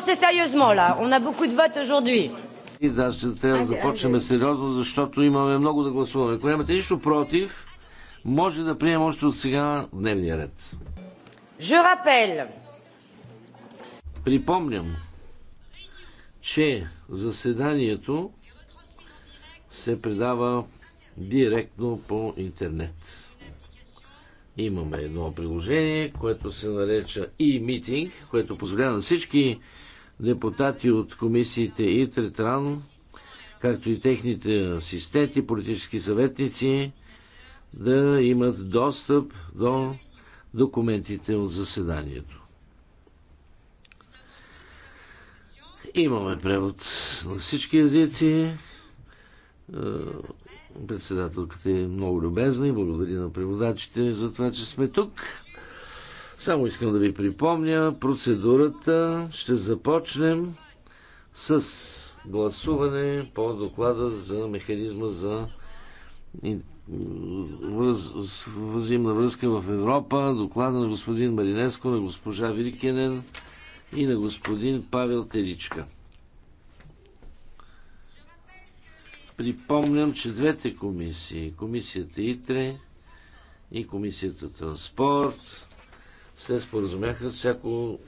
commencer sérieusement là. On a beaucoup de И да, ще трябва да започнем сериозно, защото имаме много да гласуваме. Ако нямате нищо против, може да приемем още от сега дневния ред. Je rappelle. Припомням, че заседанието се предава директно по интернет. Имаме едно приложение, което се нареча e-meeting, което позволява на всички депутати от комисиите и Третран, както и техните асистенти, политически съветници, да имат достъп до документите от заседанието. Имаме превод на всички езици. Е, председателката е много любезна и благодари на преводачите за това, че сме тук. Само искам да ви припомня процедурата. Ще започнем с гласуване по доклада за механизма за въз... възимна връзка в Европа, доклада на господин Маринеско, на госпожа Виркенен и на господин Павел Теличка. Припомням, че двете комисии, комисията ИТРЕ и комисията Транспорт, се споразумяха всяко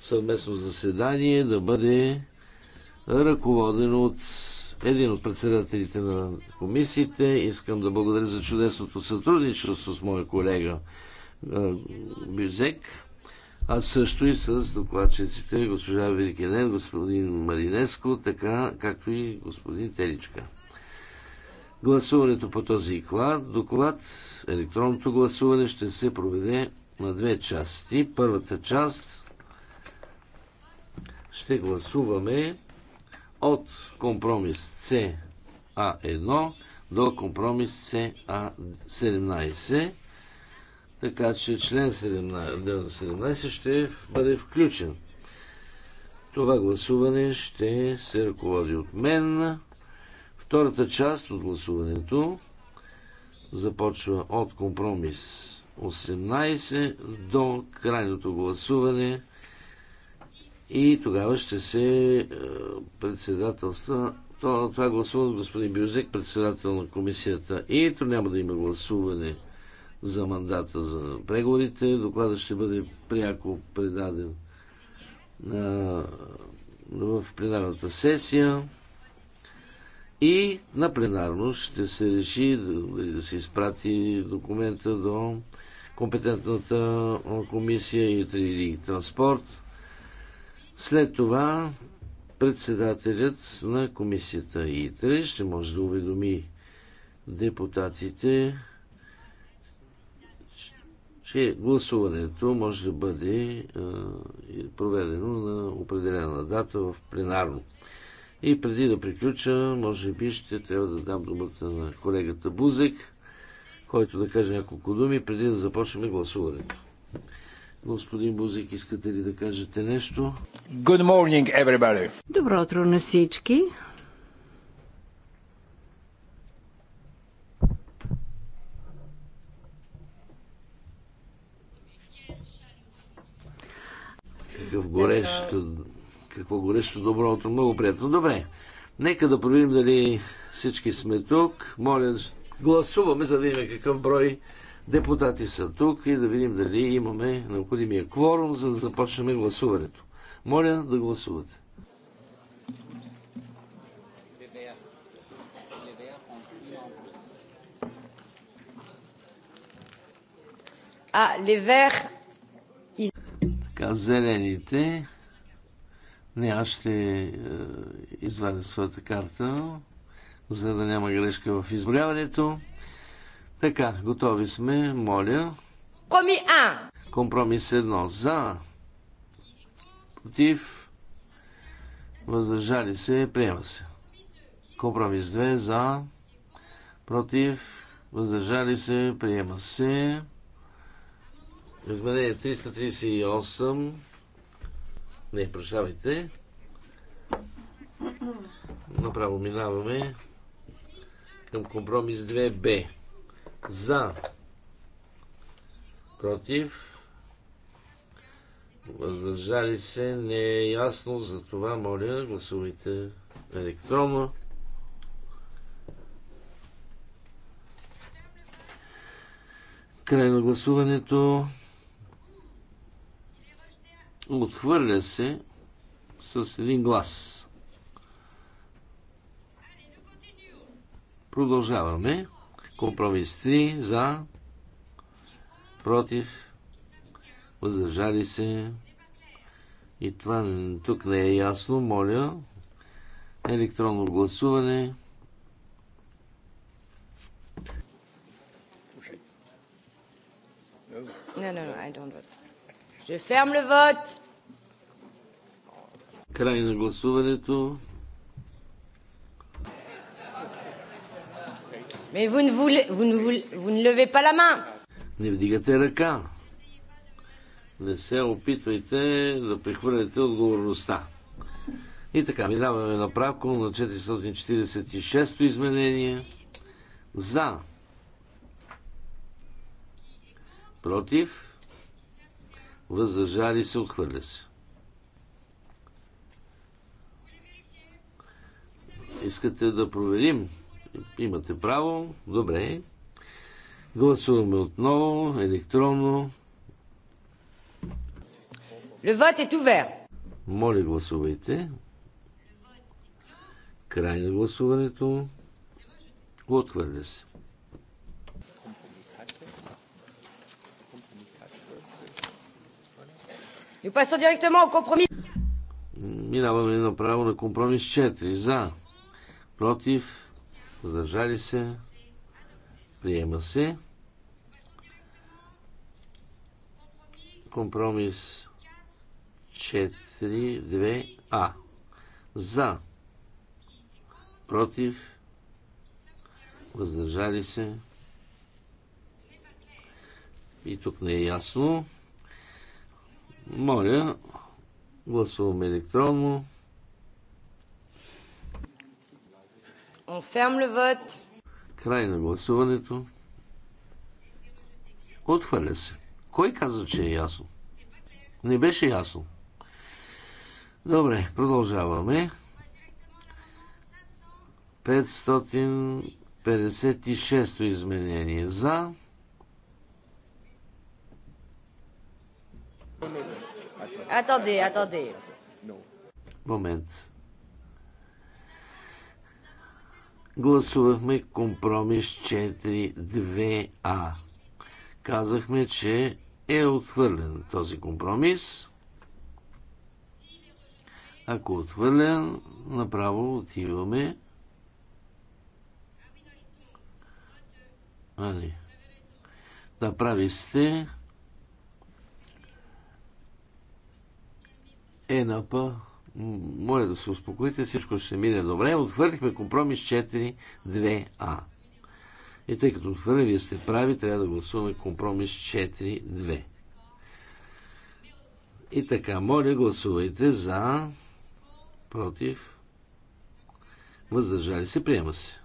съвместно заседание да бъде ръководено от един от председателите на комисиите. Искам да благодаря за чудесното сътрудничество с моя колега Бюзек, а също и с докладчиците госпожа Великенен, господин Маринеско, така както и господин Теличка. Гласуването по този доклад, електронното гласуване ще се проведе на две части. Първата част ще гласуваме от компромис CA1 до компромис CA17. Така че член 17, ще бъде включен. Това гласуване ще се ръководи от мен. Втората част от гласуването започва от компромис 18 до крайното гласуване и тогава ще се е, председателства това, това гласува господин Бюзек, председател на комисията. И то няма да има гласуване за мандата за преговорите. Докладът ще бъде пряко предаден а, в пленарната сесия. И на пленарно ще се реши да се изпрати документа до компетентната комисия и, и транспорт. След това председателят на комисията ИТРЕ ще може да уведоми депутатите, че гласуването може да бъде проведено на определена дата в пленарно. И преди да приключа, може би ще трябва да дам думата на колегата Бузек, който да каже няколко думи, преди да започнем гласуването. Господин Бузик, искате ли да кажете нещо? Good morning, everybody! Добро утро на всички! Какъв горещ какво горещо доброто. Много приятно. Добре. Нека да проверим дали всички сме тук. Моля, гласуваме, за да видим какъв брой депутати са тук и да видим дали имаме необходимия кворум, за да започнем гласуването. Моля да гласувате. А, левер. Така, зелените не, аз ще е, извадя своята карта, за да няма грешка в изборяването. Така, готови сме, моля. Компромис 1. Компромис едно. За. Против. Въздържали се. Приема се. Компромис 2. За. Против. Въздържали се. Приема се. Изменение 338. Не, прощавайте. Направо минаваме към компромис 2Б. За. Против. Въздържали се. Не е ясно. За това моля, гласувайте електронно. Край на гласуването. Отхвърля се с един глас. Продължаваме. Компромис 3 за, против, въздържали се. И това тук не е ясно. Моля, електронно гласуване. No, no, no, I don't Je ferme le vote. Край на гласуването. Mais vous ne, voulez, vous, ne voulez, vous ne levez pas la main. Не вдигате ръка. Не се опитвайте да прехвърляте отговорността. И така, минаваме направо на 446-то изменение. За. Против въздържали се, отхвърля се. Искате да проверим? Имате право. Добре. Гласуваме отново електронно. Le vote est ouvert. Моля, гласувайте. Край на гласуването. Отхвърля се. Минаваме направо на компромис 4. За. Против. Въздържали се. Приема се. Компромис 2, а За. Против. Въздържали се. И тук не е ясно. Моля, гласуваме електронно. Край на гласуването. Отхвърля се. Кой каза, че е ясно? Не беше ясно. Добре, продължаваме. 556 изменение за Attendez, attendez. Момент. Гласувахме компромис 4.2а. Казахме, че е отвърлен този компромис. Ако е отвърлен, направо отиваме. Али. Да, прави сте. ЕНАП, моля да се успокоите, всичко ще мине добре. Отвърлихме компромис 4-2А. И тъй като отвърли, вие сте прави, трябва да гласуваме компромис 4-2. И така, моля, гласувайте за, против, въздържали се, приема се.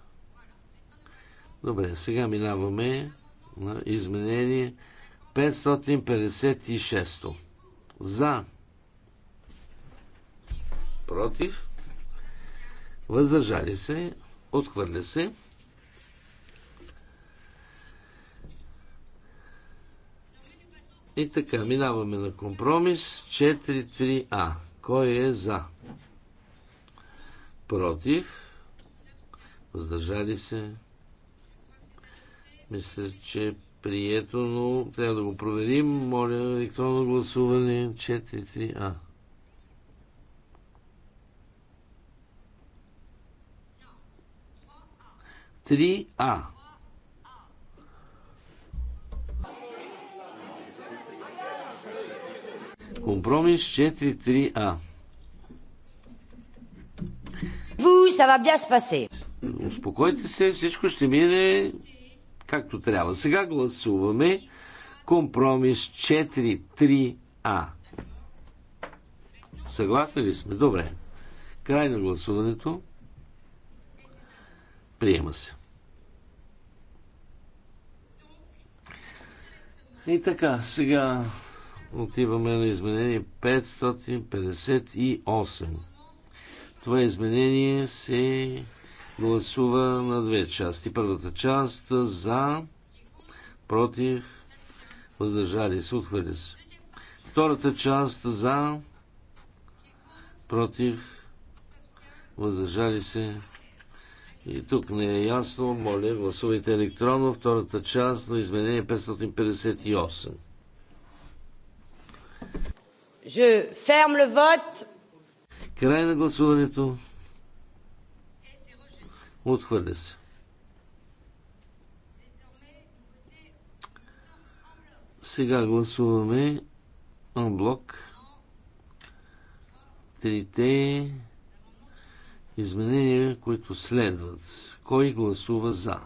Добре, сега минаваме на изменение 556. За против, въздържали се, отхвърля се. И така, минаваме на компромис 4-3А. Кой е за? Против. Въздържали се. Мисля, че е прието, но трябва да го проверим. Моля електронно гласуване 4-3А. 3А. Компромис 4-3А. Успокойте се, всичко ще мине както трябва. Сега гласуваме компромис 4-3А. Съгласни ли сме? Добре. Край на гласуването. Приема се. И така, сега отиваме на изменение 558. Това изменение се гласува на две части. Първата част за, против, въздържали се, отхвърля се. Втората част за, против, въздържали се, и тук не е ясно, моля, гласувайте електронно втората част на изменение 558. Je ferme le vote. Край на гласуването. Отхвърля се. Сега гласуваме анблок. Трите Изменения, които следват. Кой гласува за?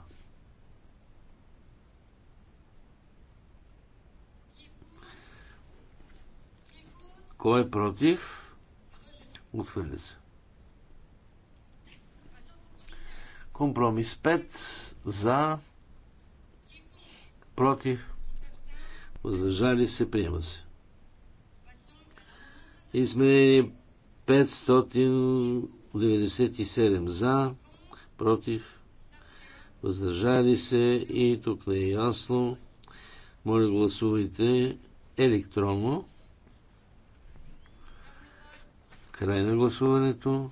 Кой е против? Отвърля се. Компромис 5 за против въздържали се, приема се. Изменение 500 97 за, против, въздържали се и тук не е ясно. Моля гласувайте електронно. Край на гласуването.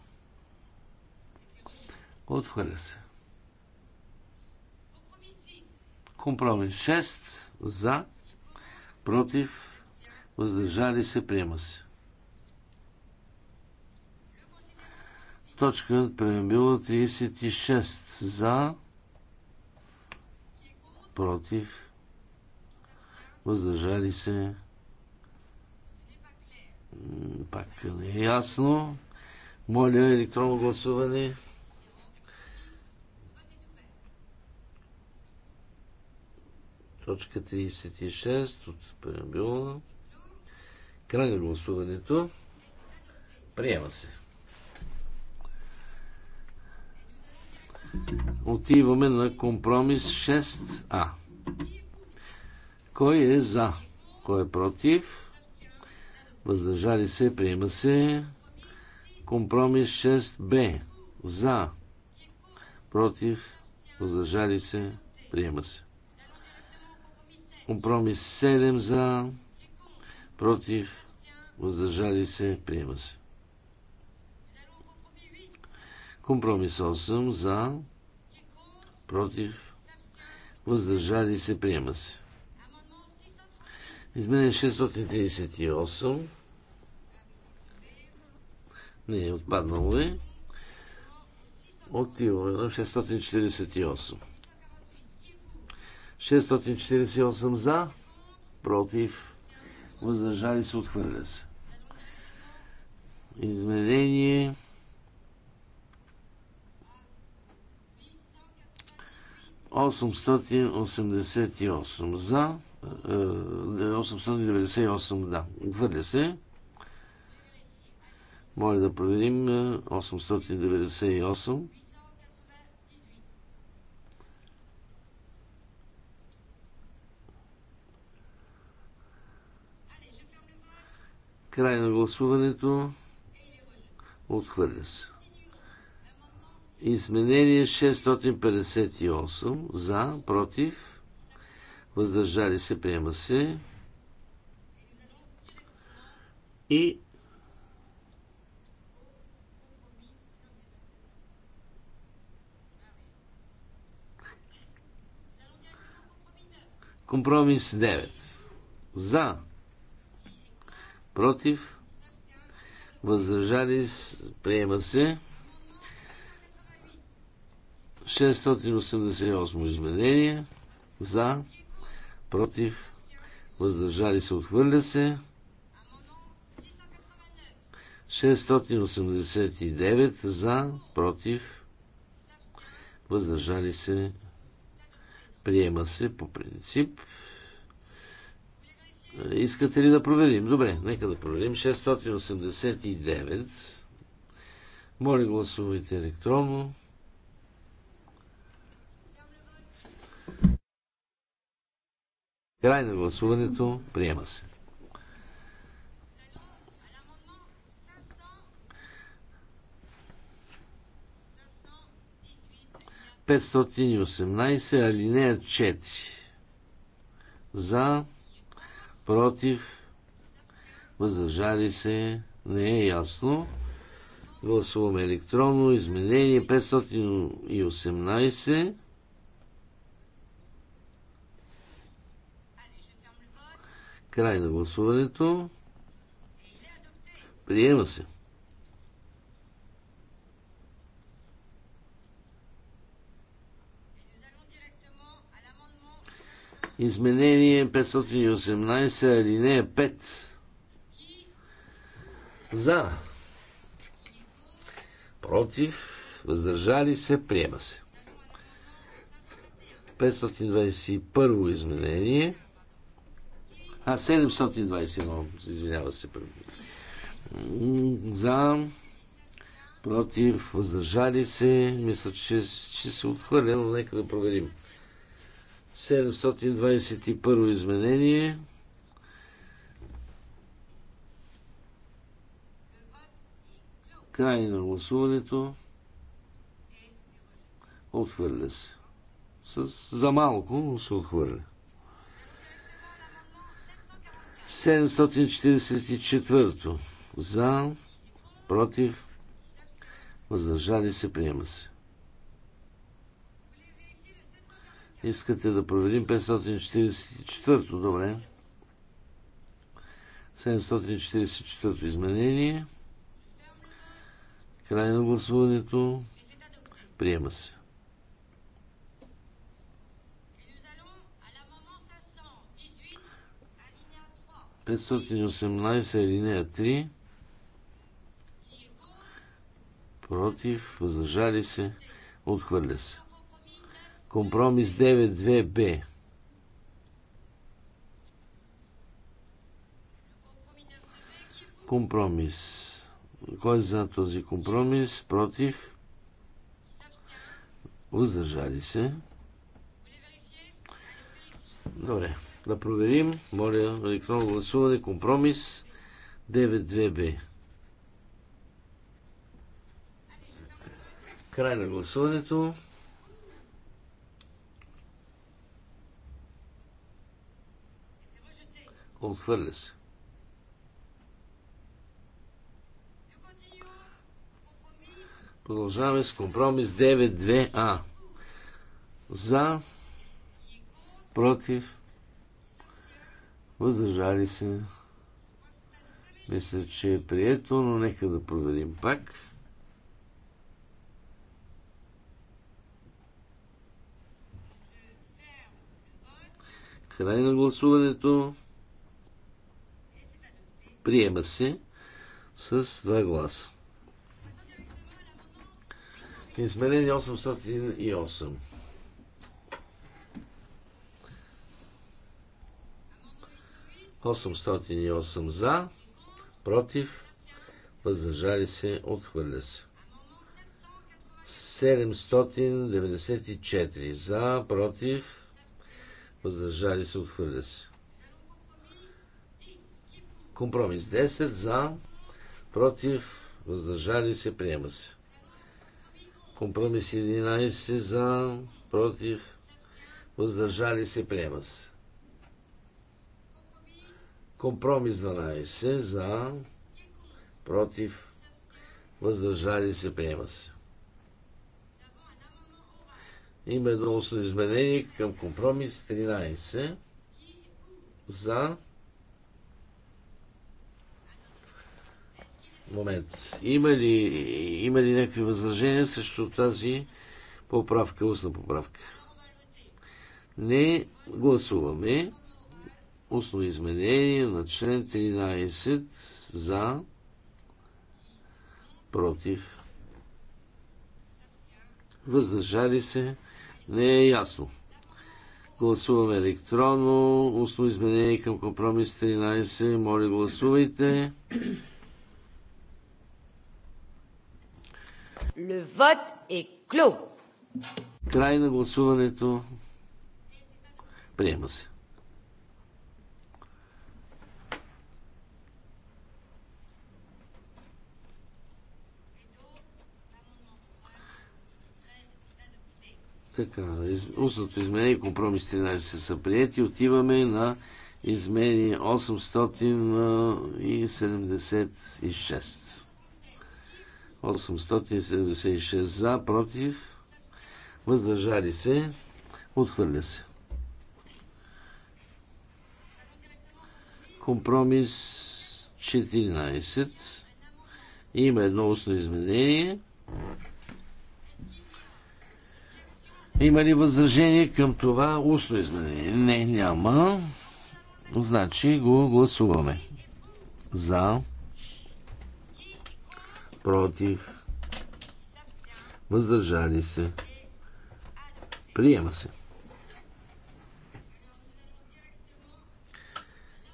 Отхвърля се. Компромис 6 за, против, въздържали се, приема се. Точка преамбюла 36 за, против, въздържали се. Пак не е ясно. Моля електронно гласуване. Точка 36 от преамбюла. Край на гласуването. Приема се. Отиваме на компромис 6А. Кой е за? Кой е против? Въздържали се, приема се. Компромис 6Б. За. Против. Въздържали се, приема се. Компромис 7 за. Против. Въздържали се, приема се. Компромис 8 за, против, въздържали се, приема се. Изменение 638. Не, е отпаднало е. Отива на 648. 648 за, против, въздържали се, отхвърля се. Изменение 888 за, 898 е, е, да, отвърля се. Моля да проверим 898. Е, Край на гласуването. Отхвърля се. Изменение 658 за, против, въздържали се, приема се. И компромис 9 за, против, въздържали се, приема се. 688 изменение. За. Против. Въздържали се. Отхвърля се. 689 за, против, въздържали се, приема се по принцип. Искате ли да проверим? Добре, нека да проверим. 689. Моля, гласувайте електронно. Край на гласуването. Приема се. Петстотин и алинея 4. За, против, въздържали се, не е ясно. Гласуваме електронно изменение 518. Край на гласуването. Приема се. Изменение 518, алинея 5. За. Против. Въздържали се. Приема се. 521 изменение. А, 721, извинява се. За, против, въздържали се. Мисля, че, че се отхвърля, но нека да проверим. 721 изменение. Край на гласуването. Отхвърля се. С, за малко, но се отхвърля. 744 за, против, въздържали се, приема се. Искате да проверим 544-то, добре. 744-то изменение. Край на гласуването. Приема се. 518 линия 3 против, въздържали се, отхвърля се. Компромис 92Б. Компромис. Кой е за този компромис? Против? Въздържали се. Добре. Да проверим. Моля, електронно гласуване. Компромис 92B. Край на гласуването. Отхвърля се. Продължаваме с компромис 9.2а. За, против, въздържали се. Мисля, че е прието, но нека да проверим пак. Край на гласуването. Приема се с два гласа. Изменение 808. 808 за, против, въздържали се, отхвърля се. 794 за, против, въздържали се, отхвърля се. Компромис 10 за, против, въздържали се, приема се. Компромис 11 за, против, въздържали се, приема се. Компромис 12 за, против, въздържали се, приема се. Има едно основно изменение към компромис 13 за момент. Има ли, има ли някакви възражения срещу тази поправка, устна поправка? Не гласуваме. Устно изменение на член 13 за против. Въздържали се. Не е ясно. Гласуваме електронно. Устно изменение към компромис 13. Моля, гласувайте. Le vote est clos. Край на гласуването. Приема се. Така, устното изменение и компромис 13 са приети. Отиваме на измени 876. 876 за, против, въздържали се, отхвърля се. Компромис 14. Има едно устно изменение. Има ли възражение към това устно изменение? Не, няма. Значи го гласуваме. За. Против. Въздържали се. Приема се.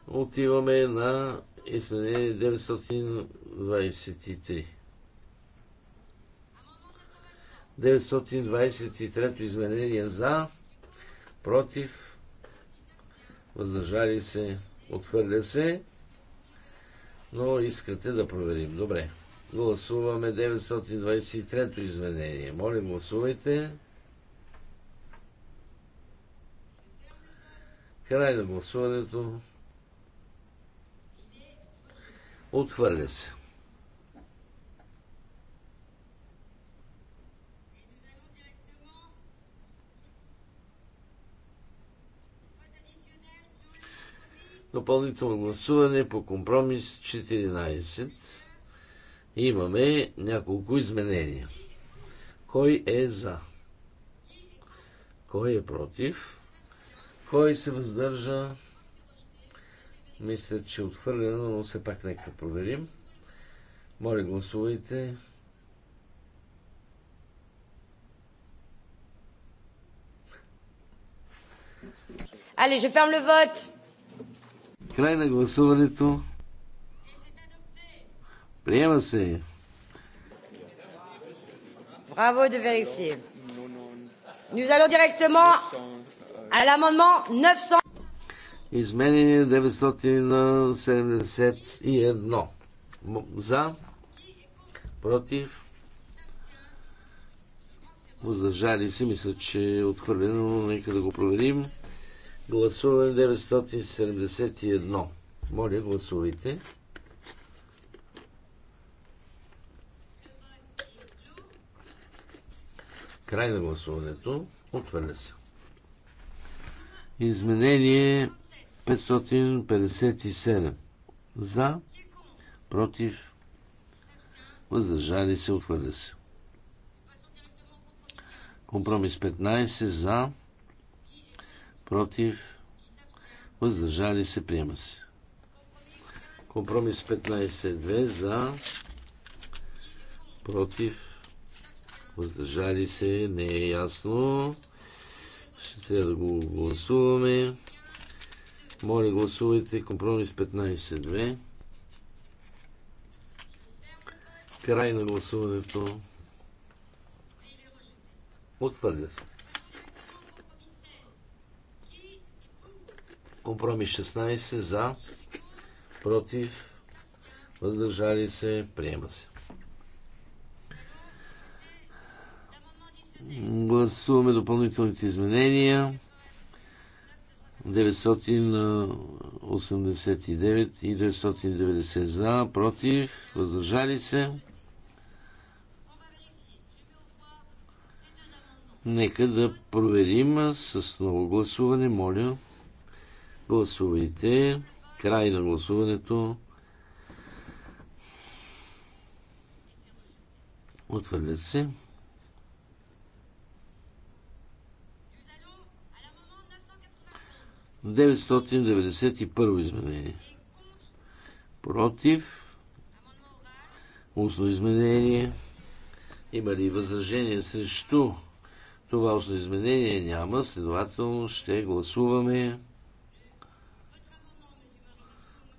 Отиваме на изменение 923. 923 то изменение за, против, въздържали се, отхвърля се, но искате да проверим. Добре. Гласуваме 923 то изменение. Моля, гласувайте. Край на гласуването. Отхвърля се. Допълнително гласуване по компромис 14. Имаме няколко изменения. Кой е за? Кой е против? Кой се въздържа? Мисля, че е отхвърлено, но все пак нека проверим. Моля, гласувайте. Allez, je ferme le vote. Край на гласуването. Приема се. Браво е да верифие. Nous allons directement à l'amendement 900. Изменение 971. За, против, въздържали се. Мисля, че е отхвърлено. Нека да го проверим. Гласуване 971. Моля, гласувайте. Край на гласуването. Отвърля се. Изменение 557. За, против, въздържали се, отхвърля се. Компромис 15 за, против, въздържали се, приема се. Компромис 15.2 за, против, въздържали се, не е ясно. Ще трябва да го гласуваме. Моля, гласувайте компромис 15.2. Край на гласуването. Отвърля се. Компромис 16 за, против, въздържали се, приема се. Гласуваме допълнителните изменения. 989 и 990 за, против, въздържали се. Нека да проверим с ново гласуване, моля. Гласувайте. Край на гласуването. Отвърлят се. Деветстотин деветдесет и първо изменение. Против. Устно изменение. Има ли възражение срещу това устно изменение? Няма. Следователно ще гласуваме.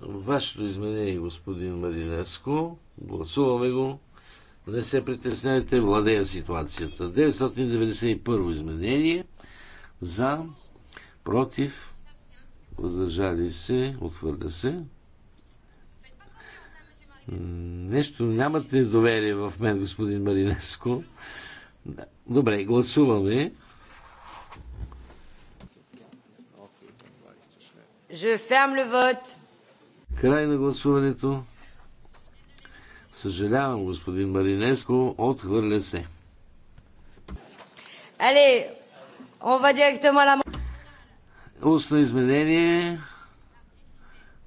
Вашето изменение, господин Маринеско, гласуваме го. Не се притеснявайте, владея ситуацията. 991 изменение за, против, въздържали се, отвърля се. Нещо нямате доверие в мен, господин Маринеско. Добре, гласуваме. Je ferme le vote. Край на гласуването. Съжалявам, господин Маринеско, отхвърля се. Але, ова директно мала... Устно изменение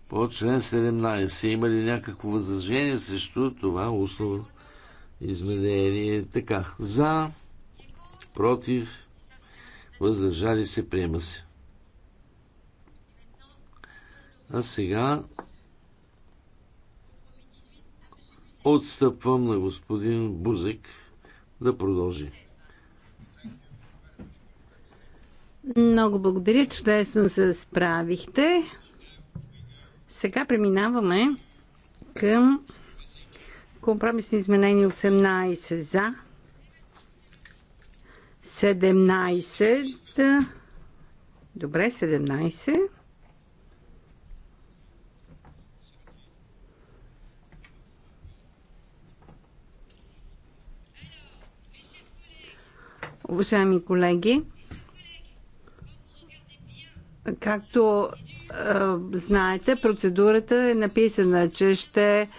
по член 17. Има ли някакво възражение срещу това устно изменение? Така, за, против, въздържали се, приема се. А сега Отстъпвам на господин Бузек да продължи. Много благодаря, чудесно се справихте. Сега преминаваме към компромисни изменения 18 за 17. Добре, 17. уважаеми колеги. Както знаете, процедурата е написана, че ще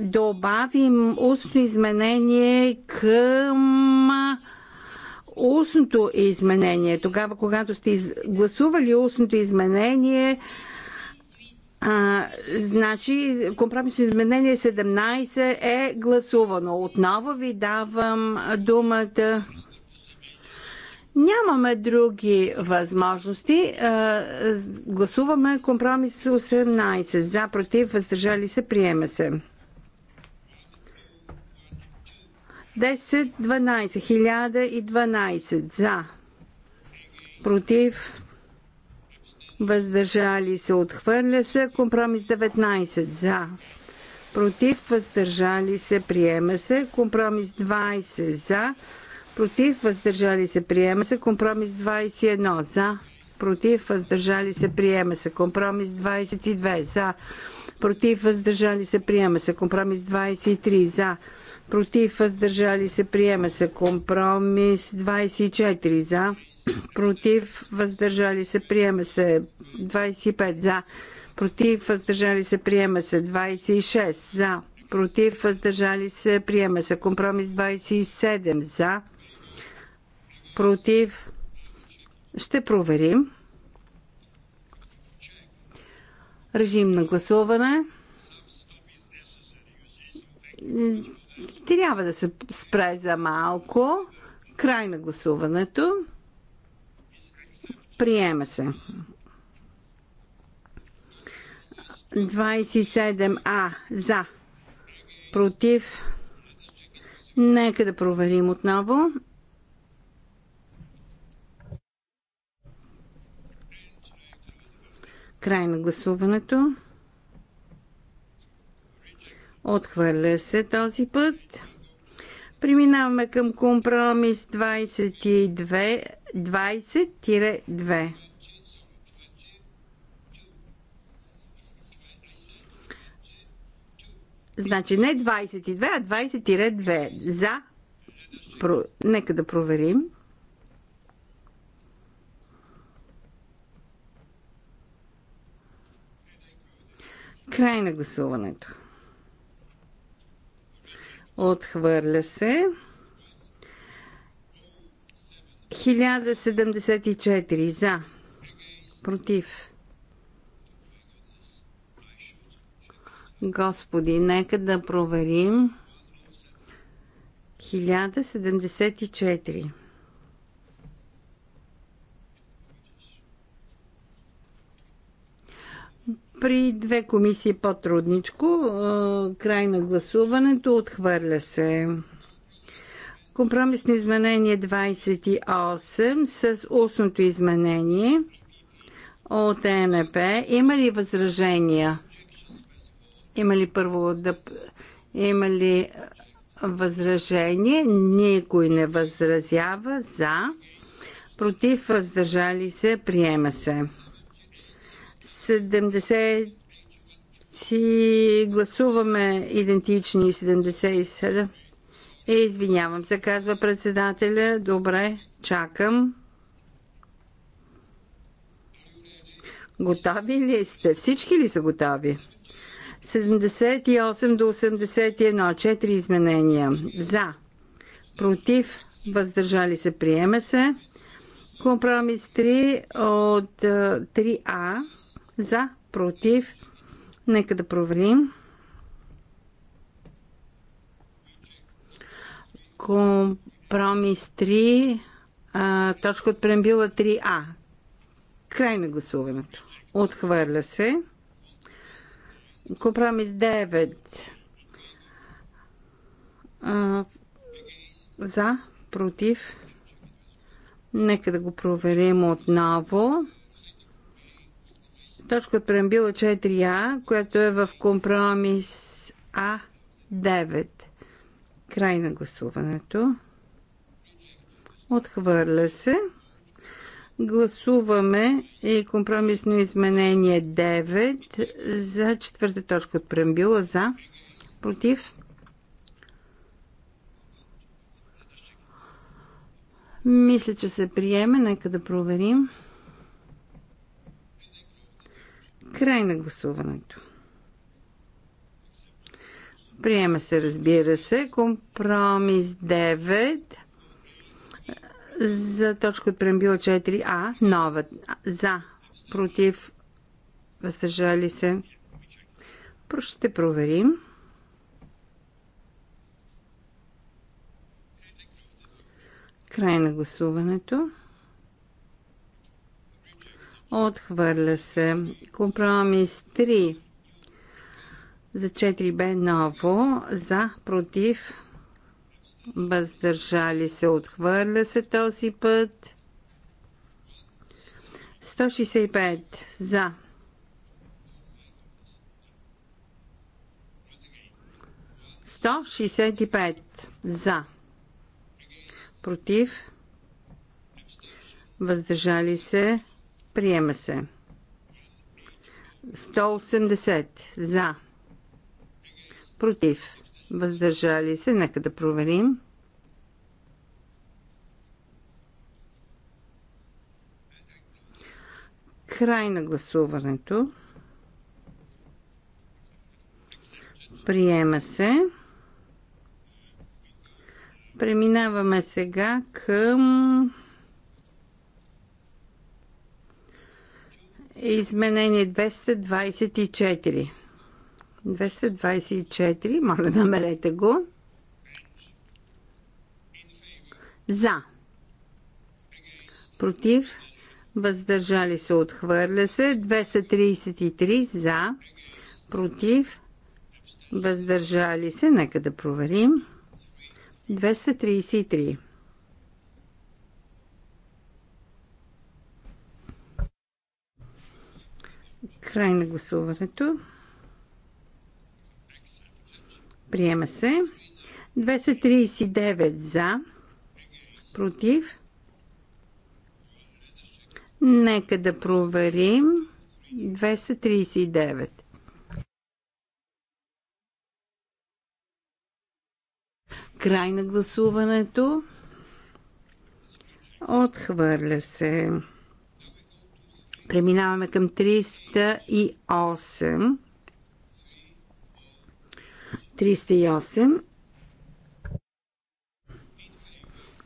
добавим устно изменение към устното изменение. Тогава, когато сте гласували устното изменение, а, значи, компромисно изменение 17 е гласувано. Отново ви давам думата. Нямаме други възможности. Гласуваме компромис 18. За, против, въздържали се, приема се. 10, 12, 1012 за, против, въздържали се, отхвърля се, компромис 19 за, против, въздържали се, приема се, компромис 20 за, против, въздържали се, приема се. Компромис 21 за, против, въздържали се, приема се. Компромис 22 за, против, въздържали се, приема се. Компромис 23 за, против, въздържали се, приема се. Компромис 24 за, против, въздържали се, приема се. 25 за, против, въздържали се, приема се. 26 за, против, въздържали се, приема се. Компромис 27 за, против. Ще проверим. Режим на гласуване. Трябва да се спре за малко. Край на гласуването. Приема се. 27А за. Против. Нека да проверим отново. Край на гласуването. Отхвърля се този път. Преминаваме към компромис 22 20-2. значи не 22, а 20-2. За. Про... Нека да проверим. Край на гласуването. Отхвърля се. 1074 за. Против. Господи, нека да проверим. 1074. При две комисии по-трудничко, край на гласуването, отхвърля се. Компромисно изменение 28 с устното изменение от ЕНП. Има ли възражения? Има ли първо да... Има ли възражение? Никой не възразява за. Против въздържали се, приема се. 70 гласуваме идентични 77. Е, извинявам се, казва председателя. Добре, чакам. Готови ли сте? Всички ли са готови? 78 до 81. 4 изменения. За. Против. Въздържали се. Приема се. Компромис 3 от 3А е, за, против. Нека да проверим. Компромис 3, точка от прембила 3А. Край на гласуването. Отхвърля се. Компромис 9. А, за, против. Нека да го проверим отново точка от преамбила 4А, която е в компромис А9. Край на гласуването. Отхвърля се. Гласуваме и компромисно изменение 9 за четвърта точка от преамбила за против. Мисля, че се приеме. Нека да проверим. Край на гласуването. Приема се, разбира се, компромис 9 за точка от преамбила 4А, нова, за, против, въздържали се. Ще проверим. Край на гласуването. Отхвърля се. Компромис 3 за 4Б ново. За, против, въздържали се. Отхвърля се този път. 165 за. Сто шестьдесят и пет за. Против. Въздържали се. Приема се. 180 за. Против. Въздържали се. Нека да проверим. Край на гласуването. Приема се. Преминаваме сега към Изменение 224. 224, моля намерете го. За. Против. Въздържали се, отхвърля се. 233 за. Против. Въздържали се, нека да проверим. 233. Край на гласуването. Приема се. 239 за. Против. Нека да проверим. 239. Край на гласуването. Отхвърля се. Преминаваме към 308. 308.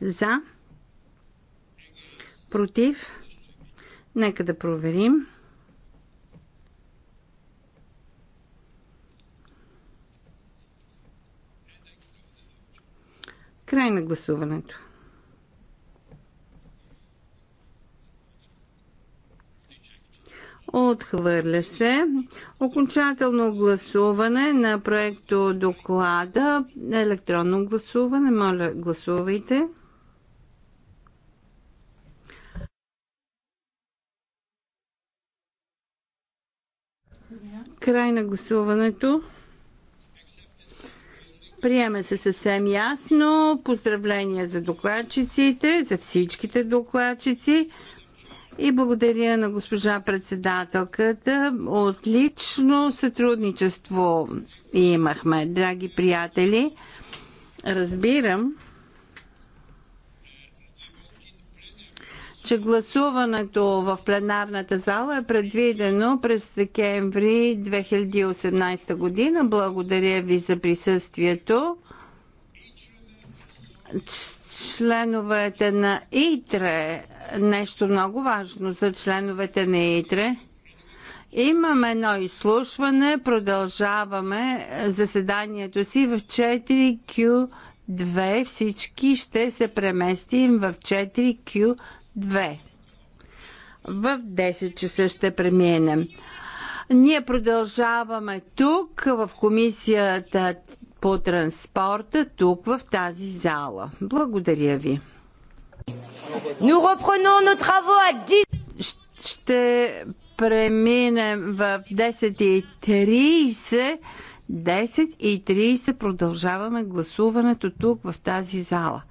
За. Против. Нека да проверим. Край на гласуването. Отхвърля се. Окончателно гласуване на проекто доклада. Електронно гласуване. Моля, гласувайте. Край на гласуването. Приема се съвсем ясно. Поздравления за докладчиците, за всичките докладчици. И благодаря на госпожа председателката. Отлично сътрудничество имахме, драги приятели. Разбирам, че гласуването в пленарната зала е предвидено през декември 2018 година. Благодаря ви за присъствието. Членовете на ИТРЕ нещо много важно за членовете на ИТРЕ. Имаме едно изслушване, продължаваме заседанието си в 4Q2. Всички ще се преместим в 4Q2. В 10 часа ще преминем. Ние продължаваме тук в комисията по транспорта, тук в тази зала. Благодаря ви. Ще преминем в 10.30. 10.30 продължаваме гласуването тук в тази зала.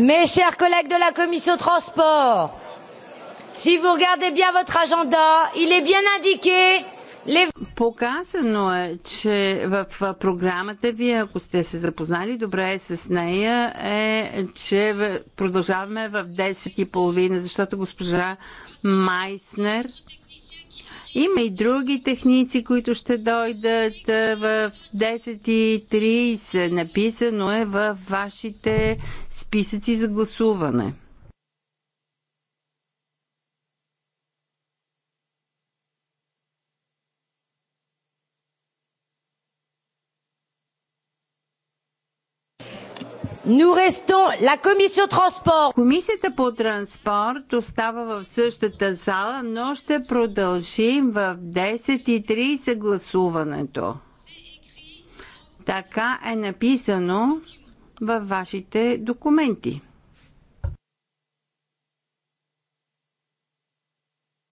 Mes chers collègues de la commission transport, si vous regardez bien votre agenda, il est bien indiqué Показано е, че в програмата ви, ако сте се запознали добре с нея, е, че продължаваме в 10.30, защото госпожа Майснер има и други техници, които ще дойдат в 10.30. Написано е във вашите списъци за гласуване. Nous restons la Commission Комисията по транспорт остава в същата зала, но ще продължим в 10.30 гласуването. Така е написано във вашите документи.